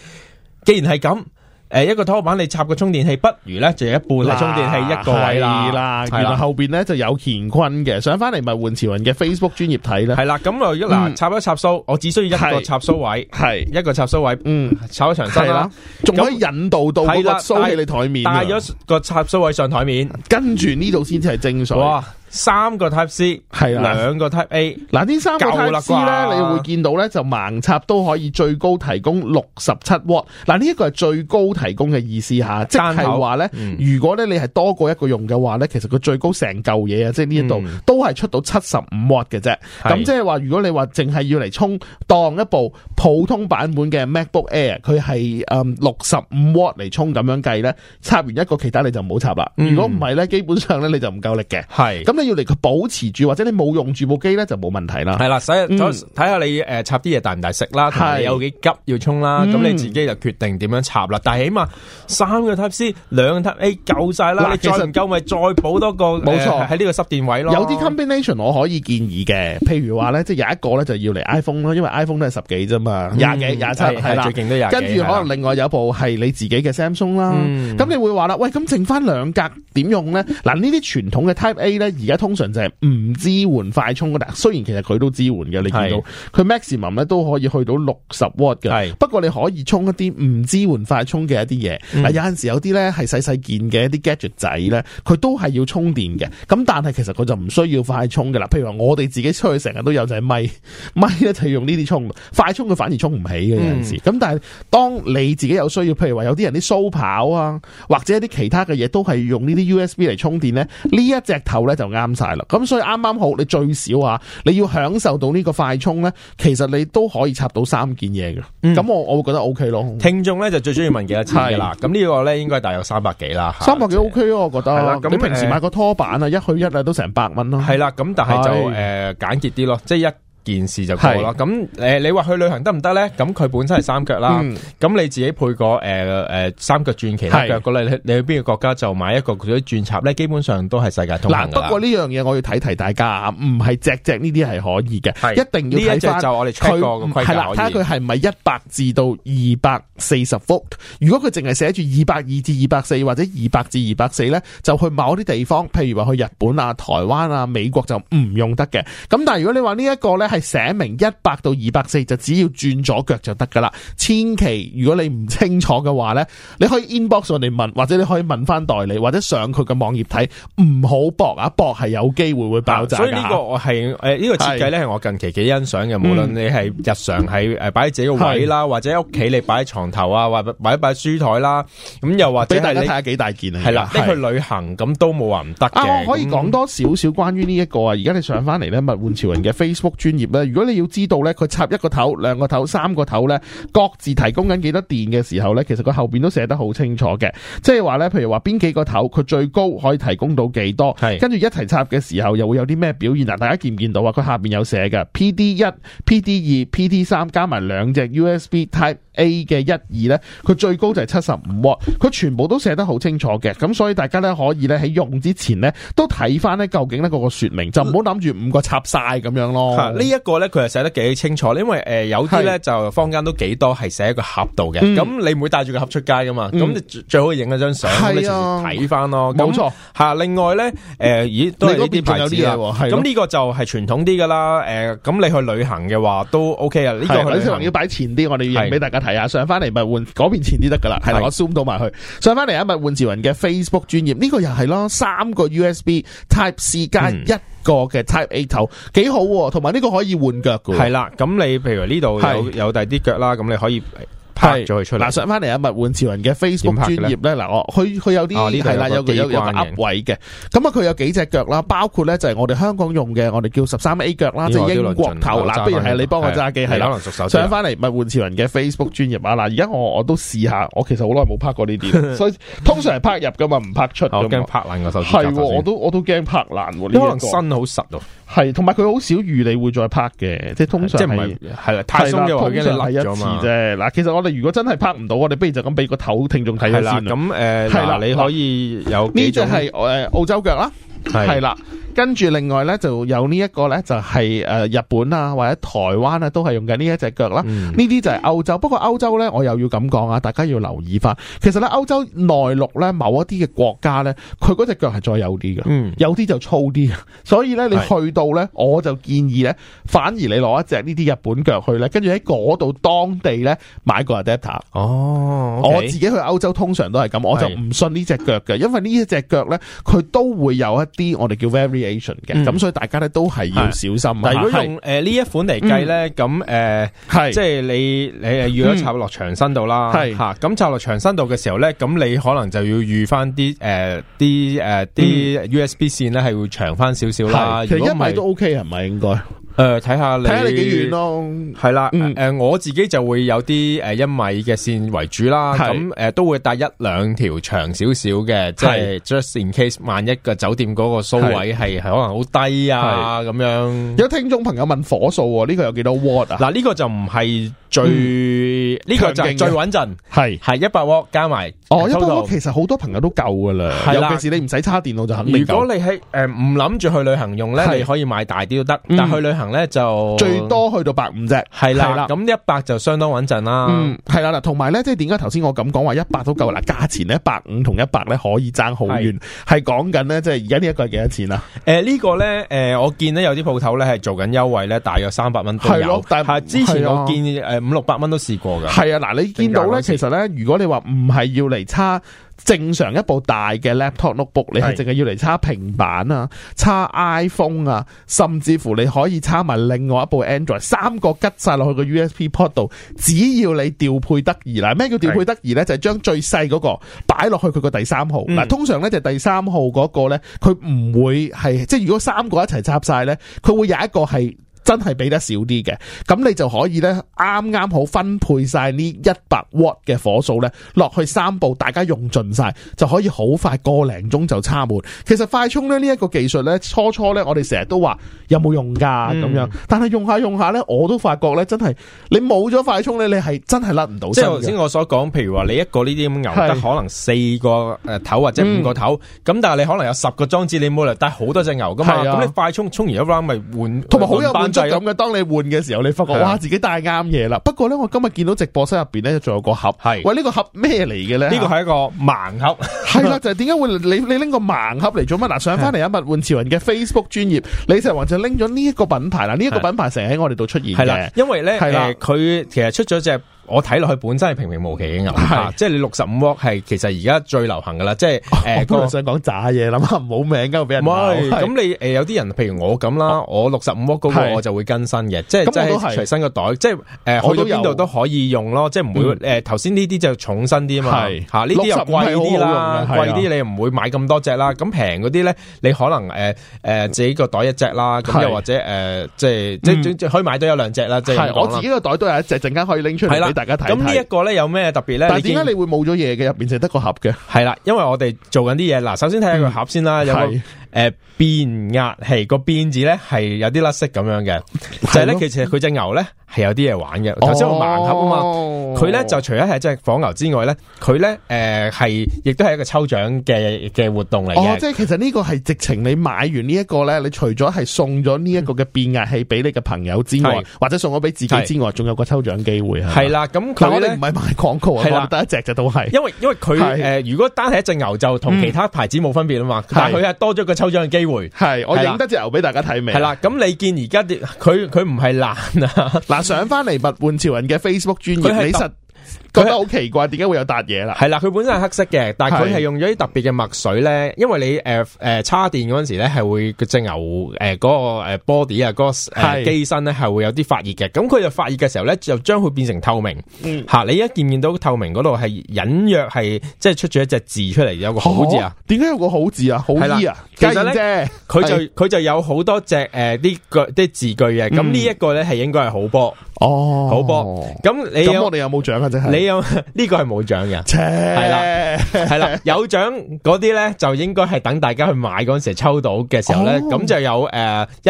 既然係咁，誒、呃，一個拖板你插個充電器，不如咧就有一半啦充電器一個位啦。啦，然後後邊咧就有乾坤嘅，上翻嚟咪換潮云嘅 Facebook 專頁睇啦。係、嗯、啦，咁啊，一嗱插一插蘇，我只需要一個插蘇位，係一個插蘇位，嗯，插咗長身、啊、啦，仲可以引導到個插蘇喺你台面，帶咗個插蘇位上台面，跟住呢度先至係精髓。哇三個 Type C 係兩、啊、個 Type A 嗱、啊，呢三個 Type C 咧，你會見到咧就盲插都可以最高提供六十七 W、啊。嗱，呢一個係最高提供嘅意思吓，即係話咧，呢嗯、如果咧你係多過一個用嘅話咧，其實佢最高成嚿嘢啊，即係呢一度都係出到七十五 W 嘅啫。咁即係話，如果你話淨係要嚟充當一部普通版本嘅 MacBook Air，佢係誒六十五 W 嚟充咁樣計咧，插完一個其他你就唔好插啦。如果唔係咧，基本上咧你就唔夠力嘅。係咁是你要嚟佢保持住，或者你冇用住部機咧，就冇問題啦。係啦，睇下你誒插啲嘢大唔大食啦，睇下有幾急要充啦，咁你自己就決定點樣插啦。但係起碼三個 type C，兩個 type A 夠晒啦。你再唔夠咪再補多個，冇錯喺呢個濕電位咯，有啲 combination 我可以建議嘅，譬如話咧，即係有一個咧就要嚟 iPhone 啦，因為 iPhone 都係十幾啫嘛，廿幾廿七係啦，最勁都廿幾。跟住可能另外有部係你自己嘅 Samsung 啦，咁你會話啦，喂，咁剩翻兩格點用咧？嗱，呢啲傳統嘅 type A 咧而通常就係唔支援快充㗎，但雖然其實佢都支援嘅，你見到佢 maximum 咧都可以去到六十瓦嘅。是不過你可以充一啲唔支援快充嘅一啲嘢，嗯啊，有陣時有啲咧係細細件嘅一啲 gadget 仔咧，佢都係要充電嘅。咁但係其實佢就唔需要快充㗎啦。譬如話我哋自己出去成日都有隻咪咪咧就用呢啲充，快充佢反而充唔起嘅有陣時。咁、嗯啊、但係當你自己有需要，譬如話有啲人啲蘇跑啊，或者一啲其他嘅嘢都係用呢啲 USB 嚟充電咧，一隻呢一隻頭咧就啱晒啦，咁所以啱啱好，你最少啊，你要享受到呢個快充呢，其實你都可以插到三件嘢嘅，咁、嗯、我我會覺得 OK 咯。聽眾呢，就最中意問幾多錢嘅啦，咁呢、嗯、個呢，應該大約三百幾啦，三百幾、啊、OK 咯、啊，我覺得、啊。咁你平時買個拖板啊，呃、一去一啊都成百蚊咯、啊。係啦，咁但係就誒的、呃、簡潔啲咯，即係一。件事就夠啦。咁是你話去旅行得唔得咧？咁佢本身係三腳啦。咁、嗯、你自己配個、呃呃、三腳轉其他腳嗰咧，是你去邊個國家就買一個嗰啲轉插咧，基本上都係世界通噶、啊、不過呢樣嘢我要提提大家啊，唔係隻隻呢啲係可以嘅，是一定要睇哋佢。係啦，睇佢係唔係一百字到二百四十伏？看看是是 v, 如果佢淨係寫住二百二至二百四或者二百至二百四咧，就去某啲地方，譬如話去日本啊、台灣啊、美國就唔用得嘅。咁但係如果你話呢一個咧，係寫明一百到二百四就只要轉咗腳就得噶啦，千祈如果你唔清楚嘅話咧，你可以 inbox 上嚟問，或者你可以問翻代理，或者上佢嘅網頁睇，唔好搏啊！搏係有機會會爆炸、啊。所以呢個我係誒呢個設計咧，係我近期幾欣賞嘅。是無論你係日常喺誒擺喺自己個位啦是，或者屋企你擺喺床頭啊，或擺喺擺書台啦，咁又或者睇下幾大件係、啊、啦，你去旅行咁是都冇話唔得嘅。啊，我可以講多少少關於呢一個啊？而家你上翻嚟咧，物玩潮人嘅 Facebook 專如果你要知道呢佢插一個頭、兩個頭、三個頭呢各自提供緊幾多電嘅時候呢其實佢後邊都寫得好清楚嘅，即係話呢，譬如話邊幾個頭佢最高可以提供到幾多，跟住是一齊插嘅時候又會有啲咩表現啊？大家見唔見到啊？佢下邊有寫嘅，P D 一、P D 二、P D 三加埋兩隻 U S B Type A 嘅一二呢，佢最高就係七十五瓦，佢全部都寫得好清楚嘅，咁所以大家呢，可以呢喺用之前呢，都睇翻呢究竟呢個個說明，就唔好諗住五個插晒咁樣咯。一個咧，佢係寫得幾清楚，因為誒有啲咧就坊間都幾多係寫一個盒度嘅，咁的你唔會帶住個盒出街噶嘛，咁、嗯、你最好影一張相咧，睇翻咯。冇錯，吓錯另外咧，誒、呃、咦，都係呢啲牌子啦，係咁呢個就係傳統啲噶啦。誒、呃，咁你去旅行嘅話都 OK 啊，呢的個旅行要擺前啲，我哋影俾大家睇下。上翻嚟咪換嗰邊前啲得噶啦，係的的我 zoom 到埋去。上翻嚟啊，咪換志雲嘅 Facebook 專頁呢個又係咯，三個 USB Type C 加一。1，嗯個嘅 Type A 頭幾好，同埋呢個可以換腳嘅。係啦，咁你譬如呢度有的有第啲腳啦，咁你可以。係出嗱，上翻嚟阿物玩潮人嘅 Facebook 專頁咧，嗱我佢佢有啲係啦，有個有有噏位嘅，咁啊佢有幾隻腳啦，包括咧就係我哋香港用嘅，我哋叫十三 A 腳啦，即係英國頭嗱，不如係你幫我揸機係啦，上翻嚟物玩潮人嘅 Facebook 專頁啊，嗱而家我我都試下，我其實好耐冇拍過呢啲，所以通常係拍入噶嘛，唔拍出，我驚拍爛個手機，係我都我都驚拍爛，可能身好實哦。係，同埋佢好少預你會再拍嘅，即係通常即係唔係係啦，太鬆嘅話你嚟一次啫。嗱，其實我哋如果真係拍唔到，我哋不如就咁俾個頭聽眾睇下先。咁誒，嗱、呃，你可以有呢隻係誒澳洲腳啦，係啦。跟住另外呢就有呢一個呢就係誒日本啊，或者台灣啊，都係用緊呢一隻腳啦。呢啲就係歐洲。不過歐洲呢我又要咁講啊，大家要留意翻。其實呢歐洲內陸呢某一啲嘅國家呢佢嗰隻腳係再幼啲嘅，嗯、有啲就粗啲。所以呢你去到呢是我就建議呢反而你攞一隻呢啲日本腳去呢跟住喺嗰度當地呢買個 adapter。哦，okay, 我自己去歐洲通常都係咁，我就唔信呢隻腳嘅，因為呢一隻腳呢佢都會有一啲我哋叫嘅咁，嗯、所以大家咧都係要小心。是如果用呢是、呃、一款嚟計咧，咁即係你你預咗插落長身度啦，咁、嗯、插落長身度嘅時候咧，咁你可能就要預翻啲啲啲 USB 線咧，係會長翻少少啦。是其實一米都 OK 係咪係應該。誒，睇下、呃、你睇下你幾遠咯，係、嗯、啦，誒、呃，我自己就會有啲誒一、呃、米嘅線為主啦，咁誒是、呃、都會帶一兩條長少少嘅，即係是 just in case 萬一嘅酒店嗰個蘇位係可能好低啊咁是是樣。有聽眾朋友問火數呢、啊這個有幾多瓦啊？嗱、啊，呢、這個就唔係。最呢個就最穩陣，係係一百瓦加埋哦，一百瓦其實好多朋友都夠噶啦，尤其是你唔使叉電腦就肯定。如果你喺誒唔諗住去旅行用咧，你可以買大啲都得，但去旅行咧就最多去到百五啫，係啦，咁一百就相當穩陣啦。嗯，係啦嗱，同埋咧，即係點解頭先我咁講話一百都夠啦？價錢咧，百五同一百咧可以爭好遠，係講緊咧，即係而家呢一個係幾多錢啊？誒，呢個咧誒，我見咧有啲鋪頭咧係做緊優惠咧，大約三百蚊都有。但係之前我見誒。五六百蚊都試過㗎。係啊！嗱，你見到咧，其實咧，如果你話唔係要嚟插正常一部大嘅 laptop notebook，是你係淨係要嚟插平板啊，插 iPhone 啊，甚至乎你可以插埋另外一部 Android，三個吉晒落去個 USB port 度，只要你調配得宜啦。咩叫調配得宜咧？是就係將最細嗰個擺落去佢個第三號。嗱、嗯，通常咧就第三號嗰、那個咧，佢唔會係即係如果三個一齊插晒咧，佢會有一個係。真係俾得少啲嘅，咁你就可以呢，啱啱好分配晒呢一百 w 嘅火數呢落去三步，大家用盡晒，就可以好快個零鐘就叉滿。其實快充呢呢一、呢個技術呢，初初呢我哋成日都話有冇用㗎咁、嗯、樣，但係用下用下呢，我都發覺呢真係你冇咗快充呢，你係真係甩唔到。即係頭先我所講，譬如話你一個呢啲牛得是可能四個誒頭或者五個頭，咁、嗯、但係你可能有十個裝置，你冇理由帶好多隻牛噶嘛。咁、啊、你快充充完一 round 咪換同埋好有。就咁嘅，當你換嘅時候，你發覺哇，自己帶啱嘢啦。不過咧，我今日見到直播室入邊咧，仲有個盒。係是，喂，呢、這個盒咩嚟嘅咧？呢個係一個盲盒。係啦，就係點解會你你拎個盲盒嚟做乜？嗱，上翻嚟一物換潮人嘅 Facebook 專頁，李石雲就拎咗呢一個品牌啦。呢、這、一個品牌成日喺我哋度出現嘅。因為咧，佢的、呃、其實出咗隻。我睇落去本身係平平無奇嘅，係即係你六十五係其實而家最流行噶啦，即係我都想講炸嘢，諗下冇名噶，俾人買。咁你誒有啲人，譬如我咁啦，我六十五嗰個我就會更新嘅，即係即係隨身個袋，即係誒去到邊度都可以用咯，即係唔會誒頭先呢啲就重身啲嘛，吓呢啲又貴啲啦，貴啲你唔會買咁多隻啦。咁平嗰啲咧，你可能誒誒自己個袋一隻啦，咁又或者誒即係即即可以買到有兩隻啦。即係我自己個袋都有一隻，陣間可以拎出嚟。大家睇，咁呢一個咧有咩特別咧？但係點解你會冇咗嘢嘅入邊，就得個盒嘅？係啦，因為我哋做緊啲嘢。嗱，首先睇下個盒先啦。嗯、有冇？誒，變壓器個變字咧係有啲甩色咁樣嘅，就係咧其實佢隻牛咧係有啲嘢玩嘅。頭先話盲盒啊嘛，佢咧就除咗係一隻火牛之外咧，佢咧誒係亦都係一個抽獎嘅嘅活動嚟嘅，即係其實呢個係直情你買完呢一個咧，你除咗係送咗呢一個嘅變壓器俾你嘅朋友之外，或者送咗俾自己之外，仲有個抽獎機會係啦，咁我哋唔係賣廣告啊，得一隻就都係，因為因為佢誒如果單係一隻牛就同其他牌子冇分別啊嘛，但係佢係多咗個。抽獎嘅機會係，我影得隻牛俾大家睇未？係啦，咁你見而家佢佢唔係難啊，嗱上返嚟物玩潮人嘅 Facebook 專頁。覺得好奇怪，點解是會有笪嘢啦？係啦，佢本身係黑色嘅，但係佢係用咗啲特別嘅墨水咧。是因為你誒誒，叉、呃呃、電嗰陣時咧，係會只牛誒嗰、呃嗰個誒 body 啊、嗰個，嗰個誒機身咧係會有啲發熱嘅。咁佢就發熱嘅時候咧，就將佢變成透明。嗯，吓、啊、你而家見唔見到透明嗰度係隱約係即係出咗一隻字出嚟，有個好字啊？點解、哦、有個好字啊？好衣啊？其實咧，佢就佢是就有好多隻誒啲啲字句嘅。咁呢一個咧係應該係好波。哦，好噃，咁你咁我哋有冇獎啊？即係你有呢個係冇獎嘅，係啦， 係啦，有獎嗰啲咧就應該係等大家去買嗰陣時抽到嘅時候咧，咁、哦、就有誒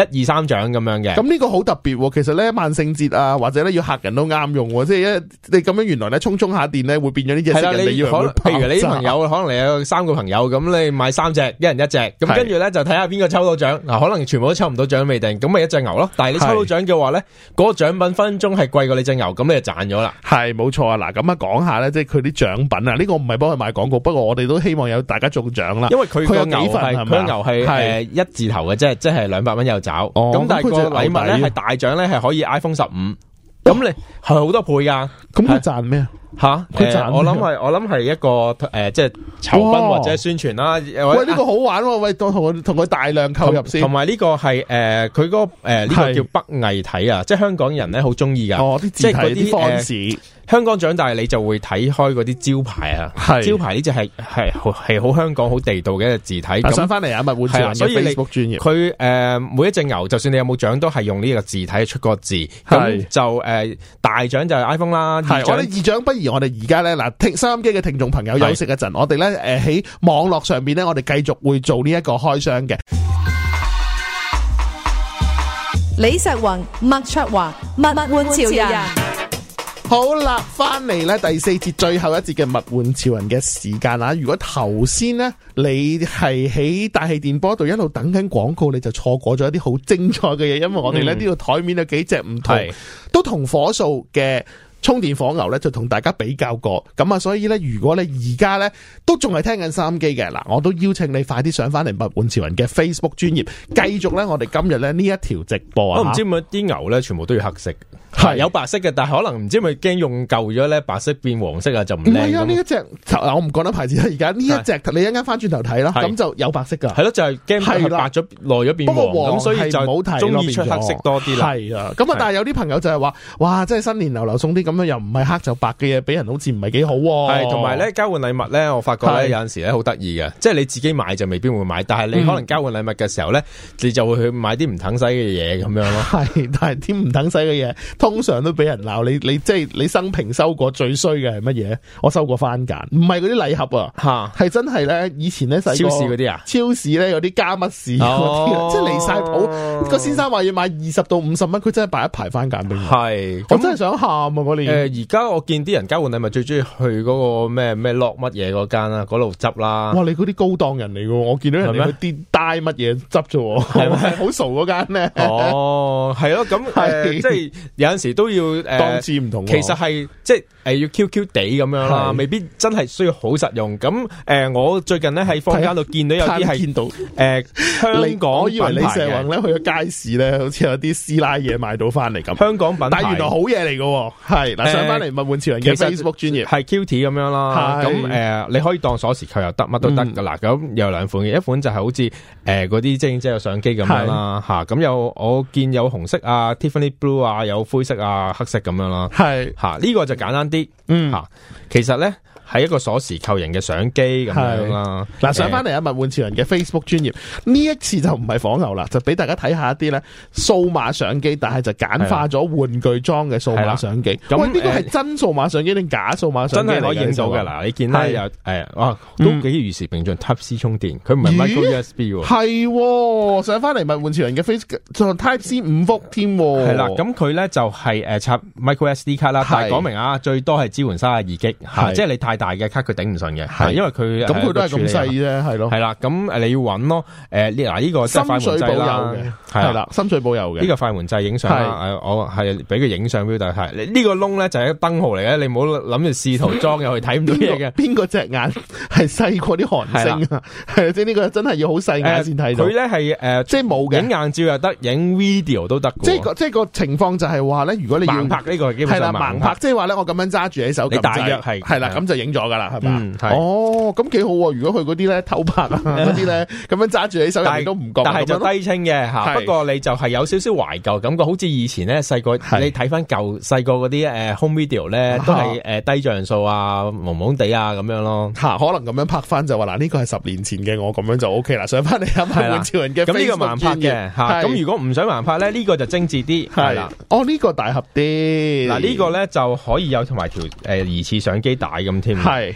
一二三獎咁樣嘅。咁呢個好特別、啊，其實咧萬聖節啊，或者咧要客人都啱用、啊，即係一你咁樣原來咧充充下電咧會變咗呢隻。係啦，譬如你啲朋友可能你有三個朋友，咁你買三隻，一人一隻，咁跟住咧就睇下邊個抽到獎。嗱，可能全部都抽唔到獎未定，咁咪一隻牛咯。但係你抽到獎嘅話咧，嗰的個獎品分。仲係貴過你隻牛，咁你就賺咗啦。係冇錯啊，嗱，咁啊講下咧，即係佢啲獎品啊。呢、這個唔係幫佢買廣告，不過我哋都希望有大家中獎啦。因為佢個牛係佢牛係誒一字頭嘅，的即係即係兩百蚊有找。咁、哦、但係個禮物咧係大獎咧係可以 iPhone 十五。咁你係好多倍噶，咁佢賺咩啊？吓、欸，佢賺我諗係我諗係一個誒，即係籌款或者宣傳啦。哇呃、喂，呢喂個好玩喎、哦！啊、喂，我同我同我大量購入先。同埋呢個係誒，佢、呃、嗰、那個誒呢、呃這個叫北魏體啊，即係香港人咧好中意噶。哦，啲字體啲方字。呃香港長大你就會睇開嗰啲招牌啊，的招牌呢只係係係好香港好地道嘅一個字體。上翻嚟啊，物玩潮人，所以你佢誒、呃，每一隻牛，就算你有冇獎都係用呢個字體出個字。咁的就誒、呃，大獎就係 iPhone 啦的。係長我哋二獎，不如我哋而家咧嗱，聽收音機嘅聽眾朋友休息一陣，的我哋咧誒喺網絡上邊咧，我哋繼續會做呢一個開箱嘅。李石宏、麥卓華、物物玩潮人。好啦，翻嚟，咧第四節，最後一節嘅物玩潮人嘅時間啦。如果頭先呢你係喺大氣電波度一路等緊廣告，你就錯過咗一啲好精彩嘅嘢，因為我哋呢呢個台面有幾隻唔同，是都同火數嘅充電火牛呢就同大家比較過。咁啊，所以呢，如果你而家呢都仲係聽緊收音機嘅，嗱，我都邀請你快啲上翻嚟物玩潮人嘅 Facebook 專頁，繼續呢。我哋今日呢呢一條直播啊！唔知唔知啲牛呢全部都要黑色。係有白色嘅，但係可能唔知係咪驚用舊咗咧，白色變黃色啊，就唔靚咯。唔係啊，呢一隻我唔講得牌子啦。而家呢一隻，的你一陣間翻轉頭睇啦，咁的就有白色噶。係咯，就係驚佢白咗耐咗變黃。不過黃係唔好睇咯，出黑色多啲啦。係啊，咁啊，但係有啲朋友就係話，哇，真係新年流流送啲咁樣又唔係黑就白嘅嘢，俾人好似唔係幾好喎啊。係同埋咧交換禮物咧，我發覺咧有陣時咧好得意嘅，即係你自己買就未必會買，但係你可能交換禮物嘅時候咧，你就會去買啲唔等使嘅嘢咁樣咯。係，但係啲唔等使嘅嘢。通常都俾人鬧你，你即係你生平收過最衰嘅係乜嘢？我收過番梘，唔係嗰啲禮盒啊，係真係咧。以前咧細個超市嗰啲啊，超市咧有啲加乜事嗰啲，即係離晒譜。個先生話要買二十到五十蚊，佢真係擺一排番梘俾你。係，我真係想喊啊！我哋而家我見啲人交換禮物最中意去嗰個咩咩落乜嘢嗰間啊，嗰度執啦。哇！你嗰啲高檔人嚟嘅喎，我見到人哋啲帶乜嘢執啫喎，係咪好傻嗰間？哦，係咯，咁即係有。有時都要誒，檔、呃、次唔同、啊，其實係，即。誒、呃，要 Q Q 地咁樣啦，的未必真係需要好實用。咁誒、呃，我最近咧喺坊間度見到有啲係誒香港以為你成日咧去咗街市咧，好似有啲師奶嘢，買到翻嚟咁。香港品牌，品牌但係原來好嘢嚟嘅，係嗱，呃、上翻嚟物玩潮人嘅 Facebook 專業係 cute 咁樣啦。咁誒的、呃，你可以當鎖匙扣又得，乜都得噶、嗯、啦。咁有兩款嘅，一款就係好似誒嗰啲即係即有相機咁樣啦，吓咁的、啊、有我見有紅色啊，Tiffany Blue 啊，有灰色啊，黑色咁樣啦，係吓呢個就簡單。嗯吓，其實咧。係一個鎖匙扣型嘅相機咁樣啦。嗱，上翻嚟啊，物玩潮人嘅 Facebook 專頁，呢一次就唔係火牛啦，就俾大家睇下一啲咧數碼相機，但係就簡化咗玩具裝嘅數碼相機。喂，呢個係真數碼相機定假數碼相機嚟？真係可以影到嘅，嗱，你見啦，係啊，啊，都幾與時並進，Type C 充電，佢唔係 Micro USB 喎。係，上翻嚟物玩潮人嘅 Facebook 就 Type C 五伏添。係啦，咁佢咧就係誒插 Micro SD 卡啦，但係講明啊，最多係支援卅二 G，即係你大嘅卡佢頂唔順嘅。係因為佢咁佢都係咁細啫，係咯，係啦，咁誒你要搵咯，誒，嗱呢個深水埗有嘅，啦，係啦，深水埗有嘅呢個快門掣影相，我係俾佢影相俾佢睇。係呢個窿咧就係燈號嚟嘅，你唔好諗住試圖裝入去睇唔到嘢嘅。邊個隻眼係細過啲韓星啊？即呢個真係要好細眼先睇到。佢咧係誒，即係冇嘅，影硬照又得，影 video 都得。即係即個情況就係話咧，如果你要拍呢個係啦，盲拍，即係話咧，我咁樣揸住喺手機，你大約係係啦，咁就影咗噶啦，係嘛？哦，咁幾好。如果佢嗰啲咧偷拍嗰啲咧，咁樣揸住你手，但係都唔覺，但係就低清嘅吓。不過你就係有少少懷舊感覺，好似以前咧細個你睇翻舊細個嗰啲誒 home video 咧，都係誒低像素啊、蒙蒙地啊咁樣咯吓。可能咁樣拍翻就話嗱，呢個係十年前嘅我，咁樣就 OK 啦。上翻嚟阿滿超人嘅，咁呢個盲拍嘅吓。咁如果唔想盲拍咧，呢個就精致啲係啦。哦，呢個大合啲嗱，呢個咧就可以有同埋條誒疑似相機帶咁添。係，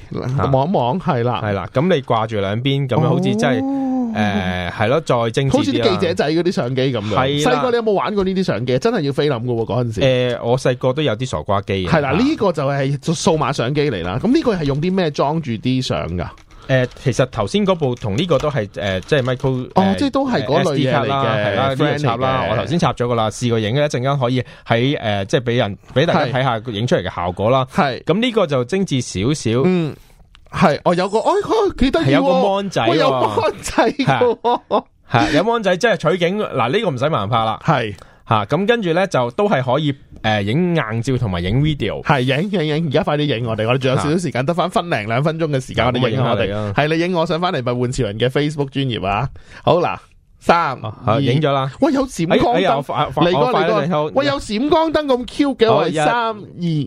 望一望係啦，係啦，咁你掛住兩邊，咁、哦、樣好似真係，誒、呃，係咯，再精致，好似啲記者仔嗰啲相機咁樣。係啦的，細個的你有冇玩過呢啲相機？真係要菲林噶嗰陣時。誒、呃，我細個都有啲傻瓜機，係啦的，呢、啊、個就係數碼相機嚟啦。咁呢個係用啲咩裝住啲相噶？誒、呃，其實頭先嗰部同呢個都係誒、呃，即係 Michael、呃、哦，即係都係嗰類嘅啦，係的啦，呢樣 friendly 插啦，的我頭先插咗噶啦，試過影嘅一陣間可以喺誒、呃，即係俾人俾大家睇下佢影出嚟嘅效果啦。係咁呢個就精致少少。嗯，係，我有個哎呵，幾得意，有個芒仔，有芒仔，係有芒仔即係取景嗱，呢、這個唔使盲拍啦，係。吓，咁跟住咧就都係可以誒，影硬照同埋影 video，係影影影，而家快啲影我哋，我哋仲有少少時間，得翻分零兩分鐘嘅時間，我哋影我哋，係你影，我想翻嚟咪換潮人嘅 Facebook 專頁啊！好啦三二影咗啦，喂有閃光燈，你個你喂有閃光燈咁 Q 嘅，我係三二一。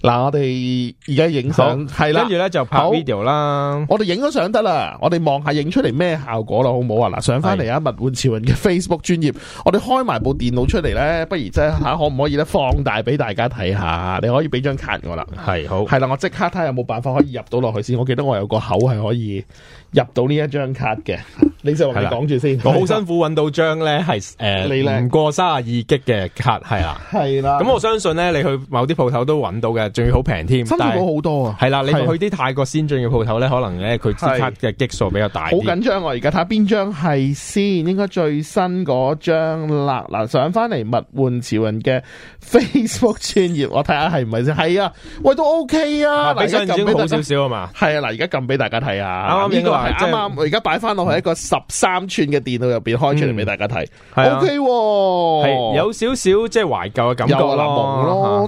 嗱，我哋而家影相係啦，跟住咧就拍 video 啦。我哋影咗相得啦，啦我哋望下影出嚟咩效果啦好唔好啊？嗱是，上翻嚟啊，物玩潮人嘅 Facebook 專頁，我哋開埋部電腦出嚟咧，不如即係睇下可唔可以咧放大俾大家睇下。你可以俾張卡我啦，係好，係啦，我即刻睇下有冇辦法可以入到落去先。我記得我有個口係可以。入到呢一張卡嘅，你就話你講住先。我好辛苦揾到張咧，係誒唔過卅二 G 嘅卡，係啦，係啦。咁我相信咧，你去某啲鋪頭都揾到嘅，仲要好平添，辛苦好多啊。係啦，你去啲泰國先進嘅鋪頭咧，可能咧佢支卡嘅 G 數比較大。好緊張，我而家睇下邊張係先，應該最新嗰張啦。嗱，上翻嚟物玩潮人嘅 Facebook 專頁，我睇下係唔係先？係啊，喂，都 OK 啊。你而家好少少啊嘛。係啊，嗱，而家撳俾大家睇啊。啱啱先講。啱啱我而家擺翻落去一個十三吋嘅電腦入邊開出嚟俾大家睇、嗯啊、，OK，係、哦、有少少即係懷舊嘅感覺咯。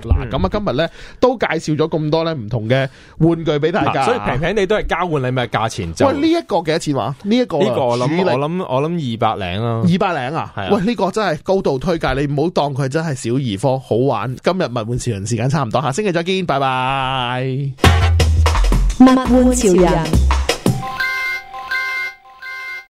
嗱咁啊今日咧都介紹咗咁多咧唔同嘅玩具俾大家，啊、所以平平你都係交換禮物價錢啫。喂呢一、這個幾多錢話、啊？呢、這、一個呢個我諗力我諗我諗二百零啊。二百零啊？喂呢、這個真係高度推介，你唔好當佢真係小兒科，好玩。今日物玩潮人時間差唔多，下星期再見，拜拜。物玩潮人。